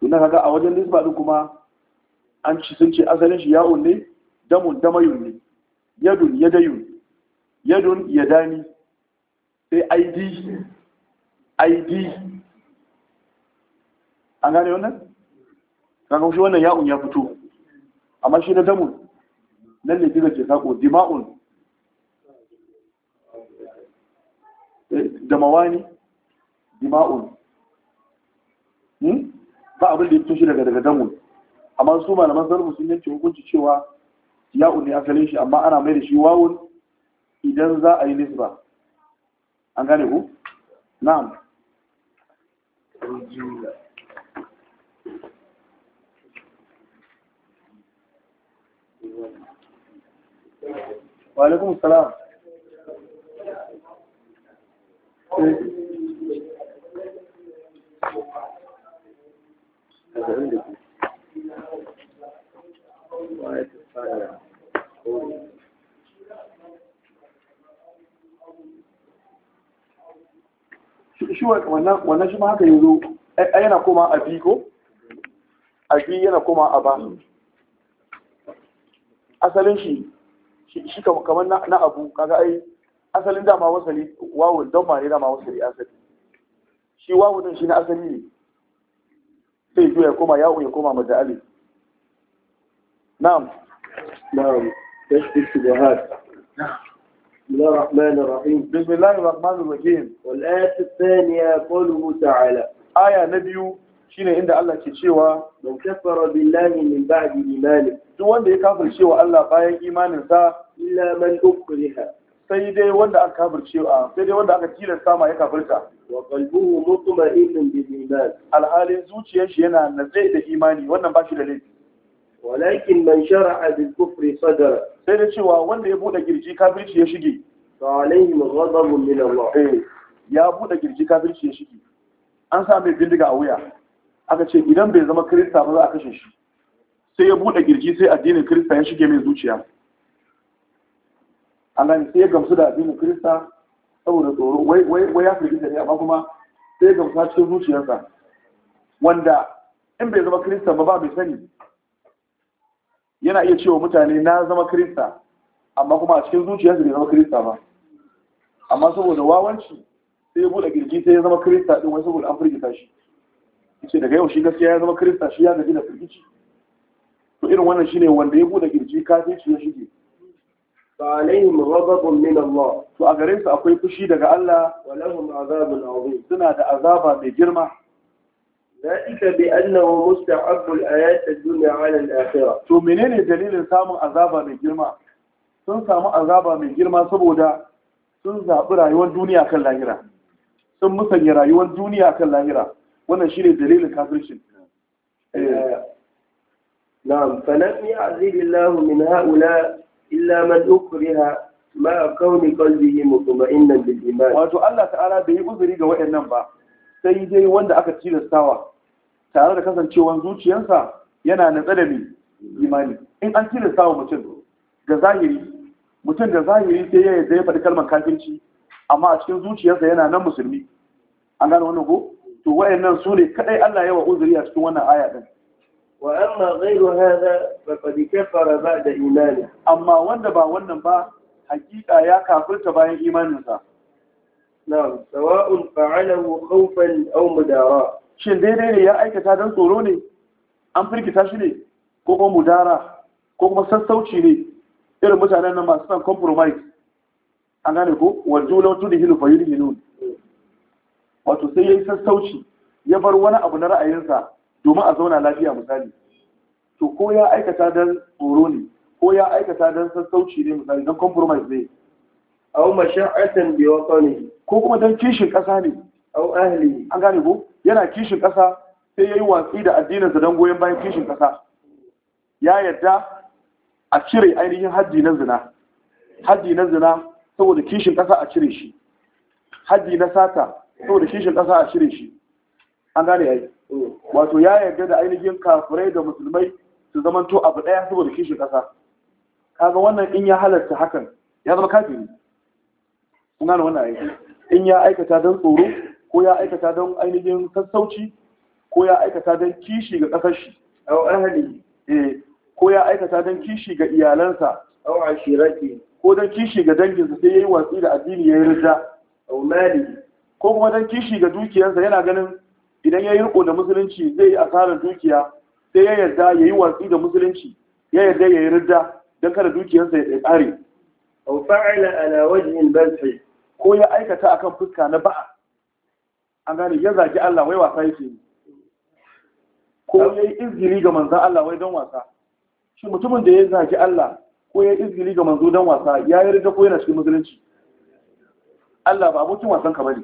Speaker 1: tunan kaga a wajen lisba din kuma an ci sun ce asalin shi ya'un ne damun damayun ne yadun yadayun yadun yadani sai aidi aidi an gane wannan kaga wannan ya'un ya fito amma shi na damun nan ne diga ke sako dima'un eh, damawani dima'un hmm? ba abin da ya fito shi daga daga damun amma su malaman sarfu sun yanke hukunci cewa Yau ne asalin shi amma ana mai da shi wawun idan za a yi nisba an gane ku na'am salam Thank eh. you. shi wannan shi ma haka a yana koma a bi ko a bi yana koma a ba asalin shi shi kamar na abu kaga ai asalin dama wasali wawon don ma ne dama wasali asali shi wawun shi na asali ne sai ya koma yawon ya koma majali na'am نعم كشف الشبهات نعم بسم الله الرحمن الرحيم بسم الله الرحمن الرحيم والآية الثانية قوله تعالى آية نبي shine inda Allah ke cewa man kafara billahi min ba'di imani duk wanda ya kafirce wa Allah bayan imanin sa illa sai dai wanda aka kafirce wa sai dai wanda aka tilasta ma ya kafirta wa qalbuhu mutma'innun bil iman alhalin zuciyar yana natsaye da imani wannan ba shi da laifi walakin man shara'a bil kufri sadara sai da cewa wanda ya bude girji kafirci ya shige fa alaihim ghadabun min Allah eh, ya bude girji kafirci ya shige an sa mai bindiga a wuya aka ce idan bai zama kirista ba za a kashe shi sai ya bude girji sai addinin kirista ya shige mai zuciya anan sai ya gamsu da addinin kirista saboda tsoro wai wai wai ya firgita ne amma kuma sai ya gamsu cikin zuciyarsa wanda in bai zama kirista ba ba bai sani yana iya cewa mutane na zama kirista amma kuma a cikin zuciyarsa bai zama kirista ba amma saboda wawanci sai ya bude girgi sai ya zama kirista din wai saboda an firgita shi yace daga yau shi gaskiya ya zama kirista shi ya gaji da firgici to irin wannan shine wanda ya bude girgi kafirci ya shige فعليهم غضب min Allah to a gare su akwai fushi daga Allah walahum azabun azim suna da azaba mai girma ذلك بأنه مستحب الآيات الدنيا على الآخرة to menene dalilin samun azaba mai girma sun samu azaba mai girma saboda sun zaɓi rayuwar duniya kan lahira sun musanya rayuwar duniya kan lahira wannan shi ne dalilin kafircin eh, na'am falam ya'zil Allah min haula illa man ukriha ma kauni qalbihi mutma'innan bil iman wato Allah ta'ala bai yi uzuri ga wayannan ba sai dai wanda aka tilastawa tare da kasancewan zuciyarsa yana da imani in an tilastawa mutum ga zahiri mutum da zahiri sai ya yadda ya faɗi kalmar kafinci amma a cikin zuciyarsa yana nan musulmi an gano wannan ko to wayannan su ne kadai Allah ya wa uzuri a cikin wannan aya din wa amma ghayru kafara ba'da imani amma wanda ba wannan ba hakika ya kafirta bayan imaninsa na'am sawa'un fa'alahu khawfan aw mudara shin daidai ne ya aikata don tsoro ne an firgita shi ne ko kuma mudara ko kuma sassauci ne irin mutanen nan masu son compromise an gane ko wanzu lautu da hilu fayyuri hilu wato sai ya yi sassauci ya bar wani abu na ra'ayinsa domin a zauna lafiya misali to ko ya aikata don tsoro ne ko ya aikata don sassauci ne misali don compromise ne aw masha'atan bi watani ko kuma dan kishin kasa ne aw ahli an gane ko yana kishin kasa sai yayi watsi da addininsa dan goyen bayan kishin kasa ya yadda a cire ainihin haji na zina haji na zina saboda kishin kasa a cire shi haji na sata saboda kishin kasa a cire shi an gane yayi mm. wato ya yarda da ainihin kafirai da musulmai su zamanto abu daya saboda kishin kasa kaga wannan in ya halarta hakan ya zama kafiri wani wannan aiki in ya aikata don tsoro ko ya aikata don ainihin sassauci ko ya aikata don kishi ga ƙasar shi eh, ko ya aikata don kishi ga iyalansa ko don kishi ga danginsa sai ya yi watsi da addini yi rida au ko kuma don kishi ga dukiyarsa yana ganin idan ya yi riko da musulunci zai yi asarar dukiya sai ya yarda ya yi watsi da musulunci ya yarda ya yi rida don kada dukiyarsa ya tsare au ko ya aikata a kan fuska na ba'a an gane ya zagi Allah wai wasa yake yi ko ya yi izgiri ga manzo Allah wai don wasa shi mutumin da ya zagi Allah ko ya yi izgiri ga manzo don wasa ya yi rida ko yana cikin musulunci Allah ba abokin wasan ka bane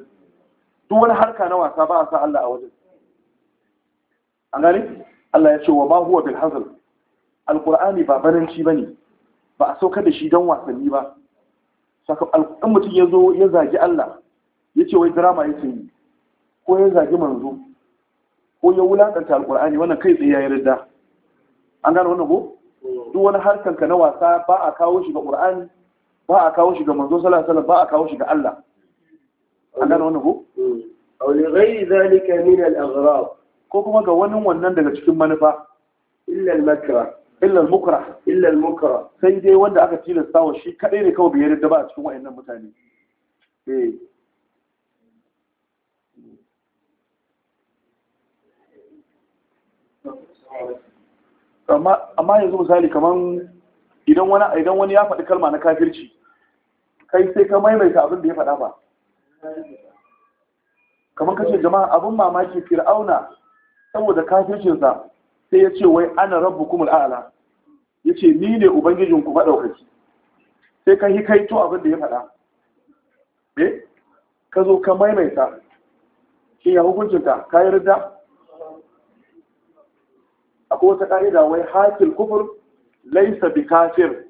Speaker 1: duk wani harka na wasa ba a sa Allah a wajen an gane Allah ya ce wa ma huwa bil hazl alqur'ani ba baranci bane ba a saukar da shi don wasanni ba in mutum ya zo ya zagi Allah ya ce wai drama ya ce ko ya zagi manzo ko ya wulaƙanta alƙur'ani wannan kai tsaye ya yi rida an gane wannan ko duk wani harkanka na wasa ba a kawo shi ga ƙur'ani ba a kawo shi ga manzo sallallahu alaihi ba a kawo shi ga Allah an gane wannan ko aw li ghairi zalika min al-aghrab ko kuma ga wani wannan daga cikin manufa illa al illa al mukrah illa al mukrah sai dai wanda aka tilasta wa shi kadai ne kawai bai yarda ba a cikin wayannan mutane eh amma yanzu misali kaman idan wani idan wani ya faɗi kalma na kafirci kai sai ka maimaita abin da ya faɗa ba kaman kace jama'a abin mamaki fir'auna saboda kafircinsa sai ya ce wai ana rabu kumul a'ala ya ce ni ne ubangijinku maɗaukaki sai ka yi kaito abin da ya faɗa eh ka zo ka maimaita shi ya hukuncinta ka yi rida akwai wata ƙa'ida wai hakil kufur laisa bi kafir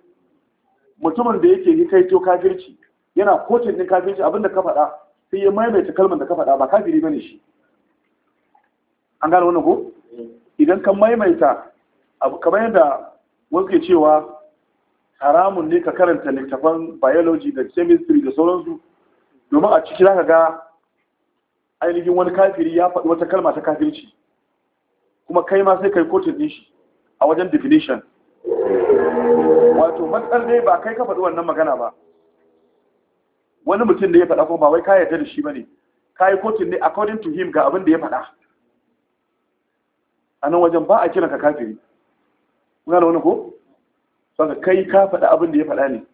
Speaker 1: mutumin da yake yi kaito kafirci yana kotun ɗin kafirci abin da ka faɗa sai ya maimaita kalmar da ka faɗa ba kafiri bane shi an gane wannan ko idan ka maimaita abu kamar yadda wasu ke cewa haramun ne ka karanta littafan biology da chemistry da sauransu domin a ciki zaka ga ainihin wani kafiri ya faɗi wata kalma ta kafirci kuma kai ma sai kai kotun din shi a wajen definition wato matsar dai ba kai ka faɗi wannan magana ba wani mutum da ya faɗa kuma ba wai ka yarda da shi ba ne kayi kotun ne according to him ga abin da ya faɗa a nan wajen ba a kiran ka kafiri kuna da wani ko saka kai ka faɗa abin da ya faɗa ne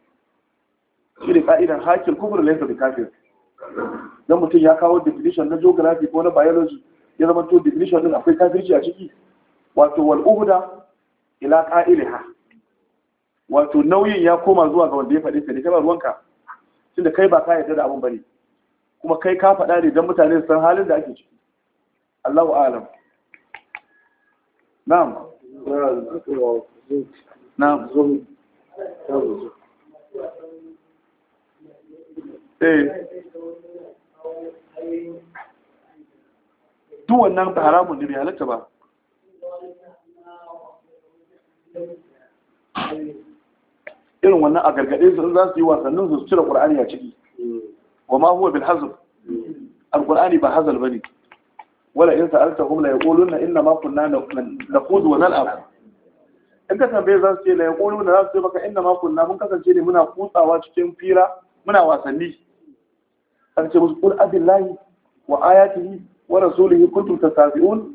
Speaker 1: shi ne ka'idan hakil kufur laifin bi kafir don mutum ya kawo definition na geography ko na biology ya zama to definition din akwai kafirci a ciki wato wal uhda ila ha wato nauyin ya koma zuwa ga wanda ya faɗi sai kai ba ruwanka tunda kai ba ka yarda da abin bane kuma kai ka faɗa ne dan mutane su san halin da ake ciki Allahu a'lam نعم نعم eh نعم wannan ta haramun ne bai irin wannan a gargaɗe su za su yi wasannin su cire ƙur'ani a ciki wa ma huwa al ba ba ne. wala in sa'altahum la yaquluna inna ma kunna naqud wa nal'ab in ka tambaye zan su ce la yaquluna za su ce maka inna ma kunna mun kasance ne muna kutsawa cikin fira muna wasanni kan ce musu qul abillahi wa ayatihi wa rasulihi kuntum tastazi'un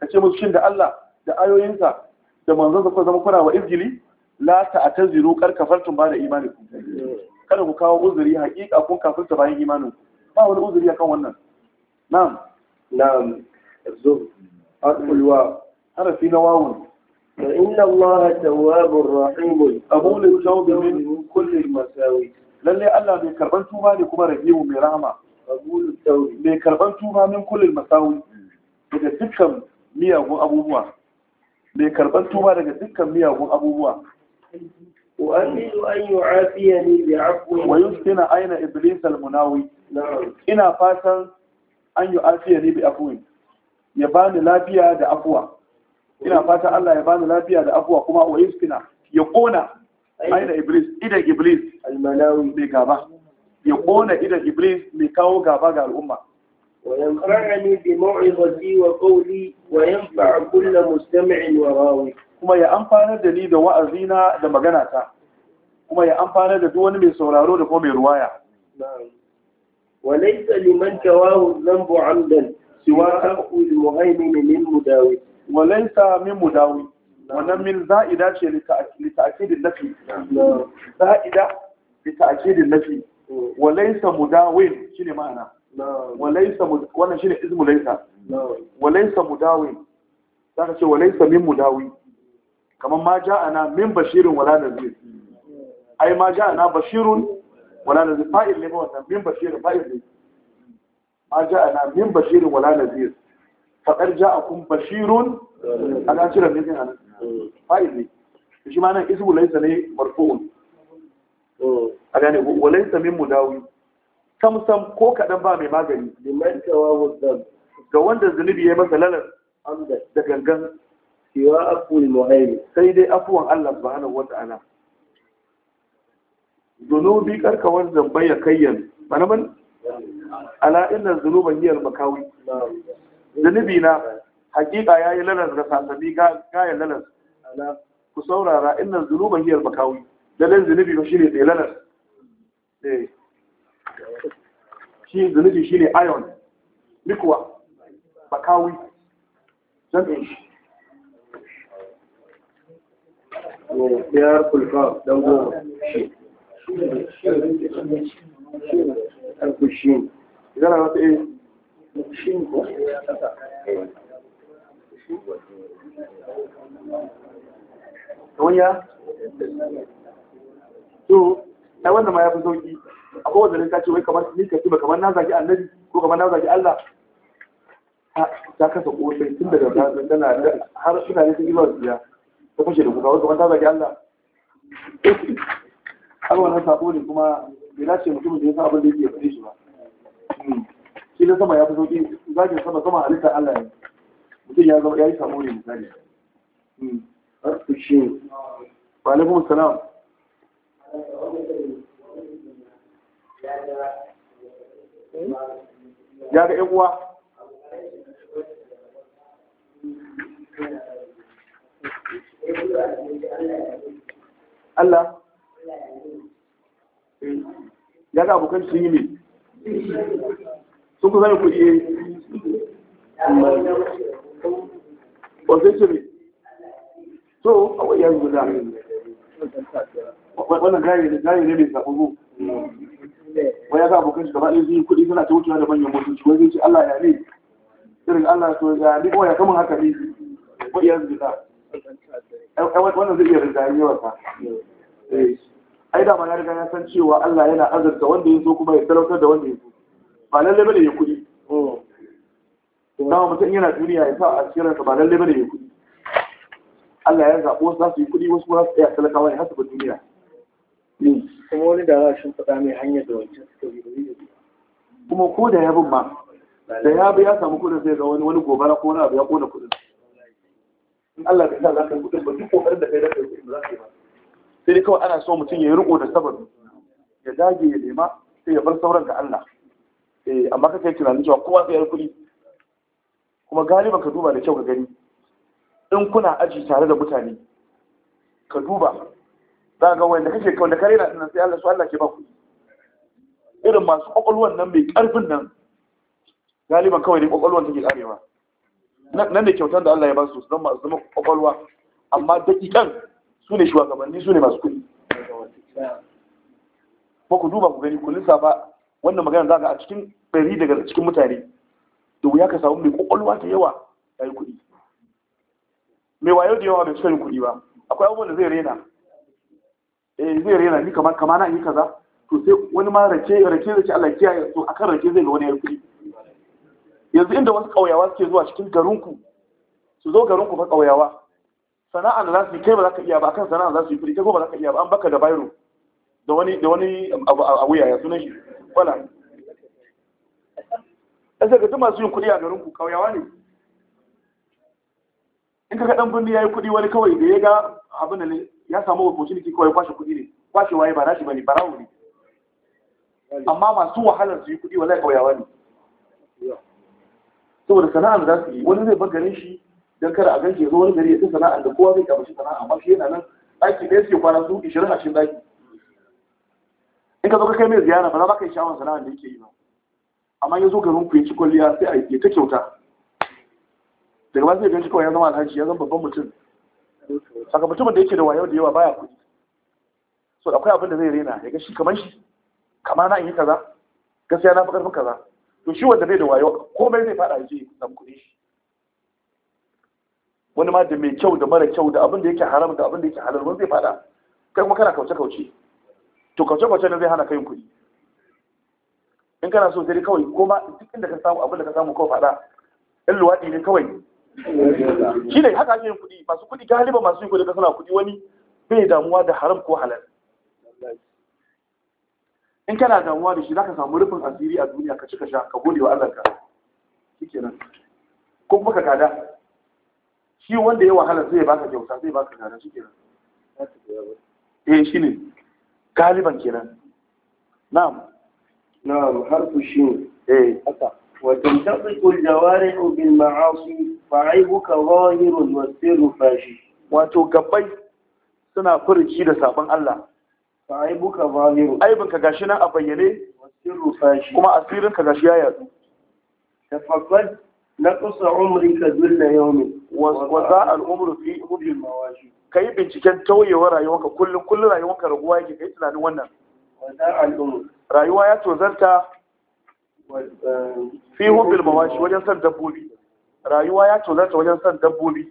Speaker 1: ka ce musu shin da Allah da ayoyinsa da manzon sa zama kuna wa izgili la ta'taziru kar kafartum ba da imanikum kada ku kawo uzuri hakika kun kafirta bayan imanin ba wani uzuri akan wannan na'am نعم الزهد حرف الواو حرف نواو فإن الله تواب رحيم أقول للتوب من كل المساوي للي ألا بيكربان توبا لكم رجيه من أقول أبو للتوب بيكربان توبا من كل المساوي daga dukkan miyagun abubuwa mai karban tuba daga dukkan miyagun abubuwa وأمل أن يعافيني بعفو ويسكن أين إبليس المناوي إنا فاتا an yi afiya ne bi afuwin ya bani lafiya da afuwa ina fata Allah ya bani lafiya da afuwa kuma wa yuskina ya kona
Speaker 2: aina iblis
Speaker 1: idan iblis almanawi mai gaba ya kona idan iblis mai kawo gaba ga al'umma ne وينفعني بموعظتي وقولي وينفع كل مستمع وراوي kuma ya amfana da ni da wa'azina da magana ta. kuma ya amfana da duk wani mai sauraro da kuma mai ruwaya وليس لمن كواه الذنب عمدا سوى أخو المهيمن من مداوي وليس من مداوي wannan min za'ida ce lita'akidin nafi za'ida lita'akidin nafi wa laysa mudawin shine ma'ana wannan shine ismu laysa wa laysa mudawin zaka ce wa laysa min mudawi kaman ma ja'ana min bashirin wala nadhir ai ma ja'ana bashirun wala nazir fa'il ne ba wannan min bashirin fa'il ne ma ja'ana min bashirin wala nazir faɗar ja'akun bashirun a nacirar nufin hannun fa'il ne shi ma nan ismu laisa ne marfu'un a gane wa laisa min mudawi samsam ko kaɗan ba mai magani ga wanda zunubi ya masa lalar da gangan cewa afuwin muhaimi sai dai afuwan Allah subhanahu wa ta'ala zunubi karkawar zambai ya kayyan manaman ala inna zunuban hiyar makawi zunubi na hakika ya yi lalas ga sasabi ya lalas ku saurara inna zunuban hiyar makawi lalan zunubi ba shine tsaye lalas eh. shi zunubi shine ayon likuwa makawi jam'in shi ya kulfa dan goma الكشين إذا أنا إيه الكشين wanya to ai wannan ma ya fi sauki akwai wanda ne ce wai kamar ni ka tuba kamar na zaki annabi ko kamar na zaki Allah ta kasa kosai tun daga tana har suna ne sun yi ba su ya ta fashe da kuka wai kamar ta zaki Allah har wannan sabo ne kuma bai dace mutumin da ya san abin da yake faɗi shi ba hmm. shi na sama ya fi sauƙi zagin sama sama halittar Allah ne mutum ya zama ya yi sabo ne misali har hmm. shi wa alaikum salam ya ga ƴan uwa Allah ya abokan sun yi ne sun kusa da kuɗi eh. wasu ce ne so a wayan guda wannan gari ne gari ne mai sabo Wani ya ga abokan shi gaba ɗaya sun yi kuɗi suna ta wucewa da manyan motoci Wani zai ce Allah ya ne irin Allah so ya ni ya kama haka ne wayan guda wannan zai iya rinjaye yawa ta eh. ai da mana riga ya san cewa Allah yana azurta wanda ya zo kuma ya talautar da wanda ya zo. ba lalle bane ya kudi dama mutum yana duniya ya sa a cikin ba lalle bane ya kudi Allah ya zaɓo wasu za su yi kudi wasu kuma za su tsaya talakawa ne hasaba duniya kuma wani da za shi faɗa mai hanyar da wancan suka bi ba kuma ko da ya bin ma da ya bi ya samu kudin sai ga wani wani gobara ko wani abu ya kona kudin in Allah ya sa za ka yi kudin ba duk kokarin da kai da kai ba za ka yi ba sai dai kawai ana so mutum ya yi riko da sababi ya dage ya nema sai ya bar sauran ga Allah eh amma kaka yi tunanin cewa kowa sai ya yi kuma galiban ka duba da kyau ka gani in kuna aji tare da mutane ka duba za ga wanda kake kawai da kare na sai Allah su Allah ke ba irin masu kwakwalwan nan mai karfin nan galiban kawai ne kwakwalwan take karewa nan ne kyautar da Allah ya ba su zama kwakwalwa amma dakikan su ne shugabanni su ne masu kuɗi ko ku duba ku gani ku ba wannan magana za ga a cikin ɗari daga cikin mutane da wuya ka samu mai ƙwaƙwalwa ta yawa ta yi kuɗi mai wayo da yawa bai cika yin kuɗi ba akwai abubuwan da zai rena eh zai rena ni kamar kama na yi kaza to sai wani ma rake rake zai ci Allah kiyaye to akan rake zai ga wani yar kuɗi yanzu inda wasu ƙauyawa suke zuwa cikin garinku su zo garinku fa ƙauyawa sana'a za su yi kai ba za ka iya ba akan sana'a za su yi kuɗi kai goma ba za ka iya ba an baka da bayro da wani da wani abu a wuya ya sunan shi wala dan sai ka duk masu yin kuɗi a garin ku kauyawa ne in ka ga dan ya yi kuɗi wani kawai da ya ga abin da ya samu opportunity kawai kwashe kuɗi ne kwashe waye ba nashi bane barawo ne amma masu wahalar su yi kuɗi wallahi kauyawa ne saboda sana'a za su yi wani zai bar garin shi don kada a ganke zo wani gari ya ta sana'a da kowa zai shi sana'a amma shi yana nan ɗaki ɗaya suke kwana su ishirin a cikin ɗaki in ka zo ka kai mai ziyara ba za ka yi sha'awar sana'ar da yake yi ba amma ya zo garin ku ya ci kwalliya sai a yi ta kyauta daga ba zai ganci kawai ya zama alhaji ya zama babban mutum saka mutumin da yake da wayo da yawa baya kuɗi so akwai abin da zai rena ya ga shi kamar shi kama na in yi kaza gaskiya na fi ƙarfin kaza to shi wanda bai da wayo komai zai faɗa ya je samu kuɗin shi wani ma da mai kyau da mara kyau da abin da yake haram da abin da yake halal wani zai fada kai kuma kana kauce kauce to kauce kauce ne zai hana kai kuɗi in kana so sai kawai ko ma duk inda ka samu abin da ka samu kawai fada in luwaɗi ne kawai shi ne haka ake yin kuɗi masu kuɗi galiba masu yin kuɗi ka suna kuɗi wani bai damuwa da haram ko halal in kana damuwa da shi za ka samu rufin asiri a duniya ka ka sha ka gode wa Allah ka shikenan ko kuma ka gada shi wanda ya wahala zai baka kyauta zai baka gara shi kenan eh shi ne galiban kenan na'am na'am ku shi eh haka wa tantaqiqu al-jawarihu bil ma'asi fa aibuka zahirun wa sirru fashi wato gabbai suna furuci da sabon Allah fa aibuka zahiru aibinka gashi nan a bayyane kuma asirin fashi kuma gashi ya yatsu tafakkar نقص عمرك ذل يوم وضاع العمر في مد المواشي kai binciken tauyewar rayuwarka kullum kullum rayuwarka raguwa yake tunanin wannan rayuwa ya tozarta fi hubbil mawashi wajen san dabbobi rayuwa ya tozarta wajen san dabbobi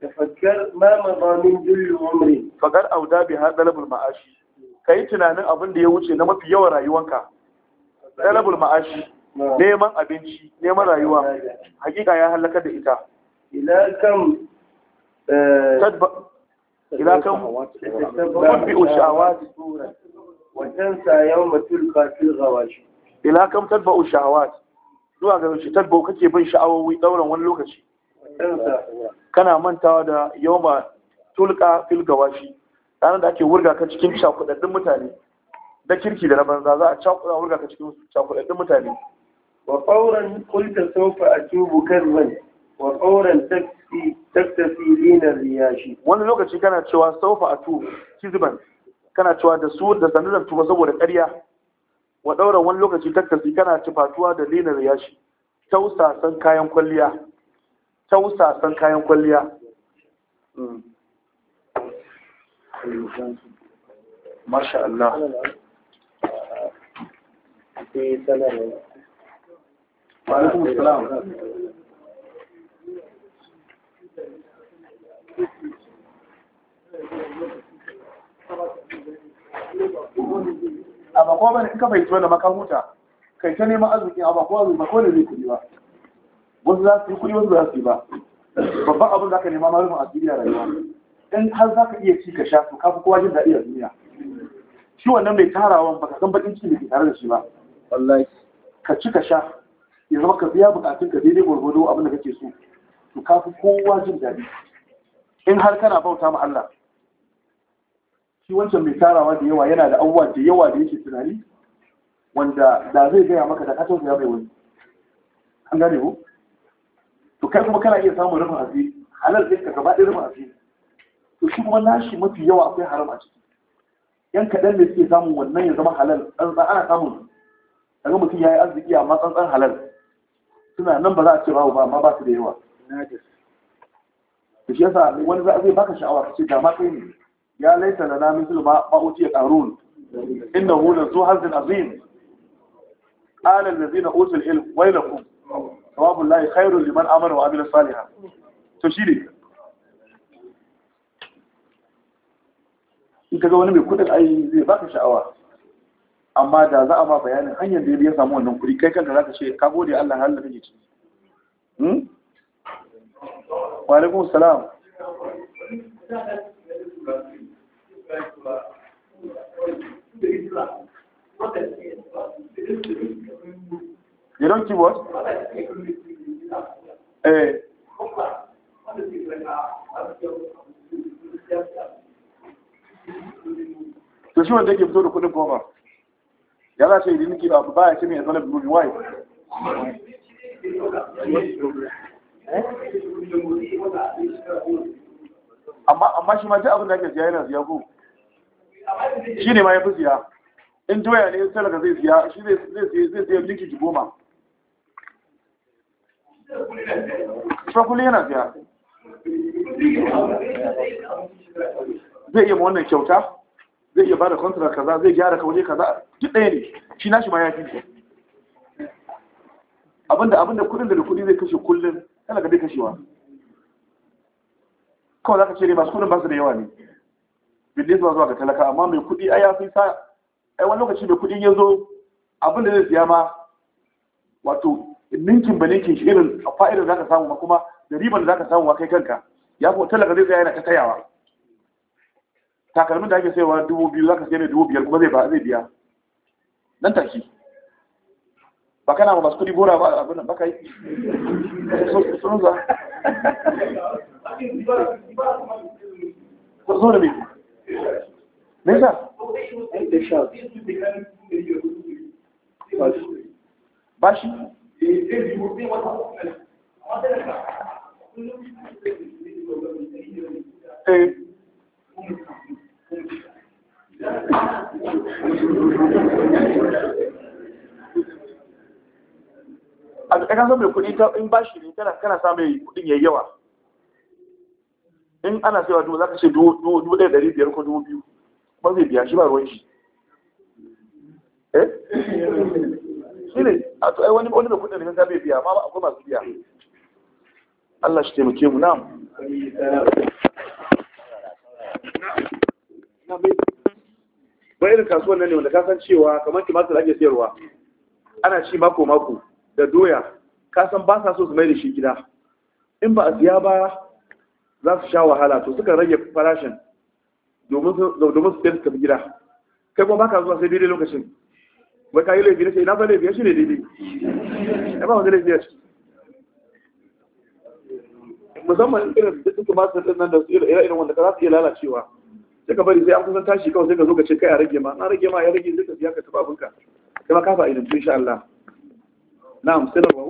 Speaker 1: tafakkar ma mazamin dulli umri fakar auda har hadalabul ma'ashi kai tunanin abin da ya wuce na mafi yawan rayuwanka dalabul ma'ashi neman abinci neman rayuwa hakika ya halaka da ita ila kam eh, ila kam tabi'u shahawat wa tansa yawma tulqa fil ghawashi ila kam tabi'u shahawat zuwa ga yaushe tabi'u kake bin sha'awowi dauran wani lokaci kana mantawa da yawma tulqa fil ghawashi ranar da ake wurga ka cikin shakudaddin mutane da kirki da na banza za a wurga ka cikin shakudaddin mutane وفورا قلت سوف أتوب كذبا وفورا تكفي تكتفي لنا الرياشي wani lokaci kana cewa saufa atu kizban kana cewa da su da sanin tuba saboda ƙarya wa daura wani lokaci taktasi kana tufatuwa da lina riyashi tausasan kayan kwalliya tausasan kayan kwalliya masha Allah وعليكم السلام a ba kowa bane in ka fahimci wanda maka huta kai ta neman arziki a ba kowa zai ne zai kuɗi ba wasu za su yi kuɗi wasu za su yi ba babban abin za ka nema malumin asiri a rayuwa in har za ka iya ci ka sha to ka fi kowa jin daɗi a duniya shi wannan mai tarawan baka san bakin ciki da ke tare da shi ba wallahi ka ci ka sha ya zama ka biya bukatun ka daidai gwargwado abin da kake so to ka fi kowa jin daɗi in har kana bauta ma Allah shi wancan mai tarawa da yawa yana da abubuwa da yawa da yake tunani wanda da zai gaya maka da kasar ya mai wani an gane ku to kai kuma kana iya samun rufin asiri halal ɗin ka gaba ɗaya rufin asiri to shi kuma nashi mafi yawa akwai haram a ciki yan kaɗan ne suke samun wannan ya zama halal tsantsan ana samun daga mutum ya yi arziki amma tsantsan halal suna nan ba za a ce babu ba amma ba su da yawa da shi yasa wani za a zai baka sha'awa ka ce ga ma kai ne ya laita da na mislu ma ma'uti ya qarun inna hu la zu hazin azim qala allazina utul ilm waylakum thawabu llahi khairun liman amana wa amila salihan to shi ne in kaga wani mai kudin ai zai baka sha'awa amma da za a ma bayanin hanyar da ya samu wannan kuɗi kai kanka za ka ce ka gode Allah har da kake ciki hmm? wa alaikum salam You don't keep what? Eh. To shi wanda yake fito da kuɗin goma. ya za ce idan niki ba ba ya ce mai zanen burin wai amma shi ma duk abin da ake siya yana siya ko shi ne ma ya fi siya in doya ne in talaka zai siya shi zai siya linki ki goma shakuli yana siya zai iya ma wannan kyauta zai iya ba da kaza zai gyara kauje kaza duk ɗaya ne shi nashi ma ya fi abinda abinda kudin da da kudi zai kashe kullum yana ga bai kashewa kawai za ka ce ne masu kudin ba su da yawa ne bidin zuwa zuwa ga talaka amma mai kudi a ya fi sa ai wani lokaci mai kudi ya zo abinda zai siya ma wato ninkin ba ninkin shi irin fa'idar za ka samu ma kuma da riban da za ka samu ma kai kanka ya fi talaka zai tsaya yana ta tayawa takalmin da ake sayawa dubu biyu za ka sayar da dubu biyar kuma zai zai biya nan take ba kana ba su kudi ba abin ba kai yi sun za ko zo da me me yasa ba shi eh a ƙasar mai kuɗi in ba shi ne kana mai kuɗin ya yawa in ana sayawa dubu za ka ce dubu ɗaya ɗari biyar ko dubu biyu kuma zai biya shi ba ruwan shi eh shi ne a to ai wani wani mai kuɗin ne kan bai biya ma ba akwai masu biya Allah shi taimake mu na. mu. ba irin kasuwan nan ne wanda ka san cewa kamar timatir ake sayarwa ana ci mako mako da doya ka san ba sa so su mai da shi gida in ba a siya ba za su sha wahala to suka rage farashin domin su sayar tafi gida kai kuma baka zuwa sai daidai lokacin wai ka yi laifi na sai na ba laifi ya shi ne daidai ya ba wani laifi ya ciki musamman irin da suka masu nan da su ire-iren wanda ka za su iya lalacewa suka bari sai an kusan tashi kawai sai ka zo ka ce kai a rage ma na rage ma ya rage sai ka biya ka tafi abinka sai ma ka fa'idantu insha Allah na'am sai da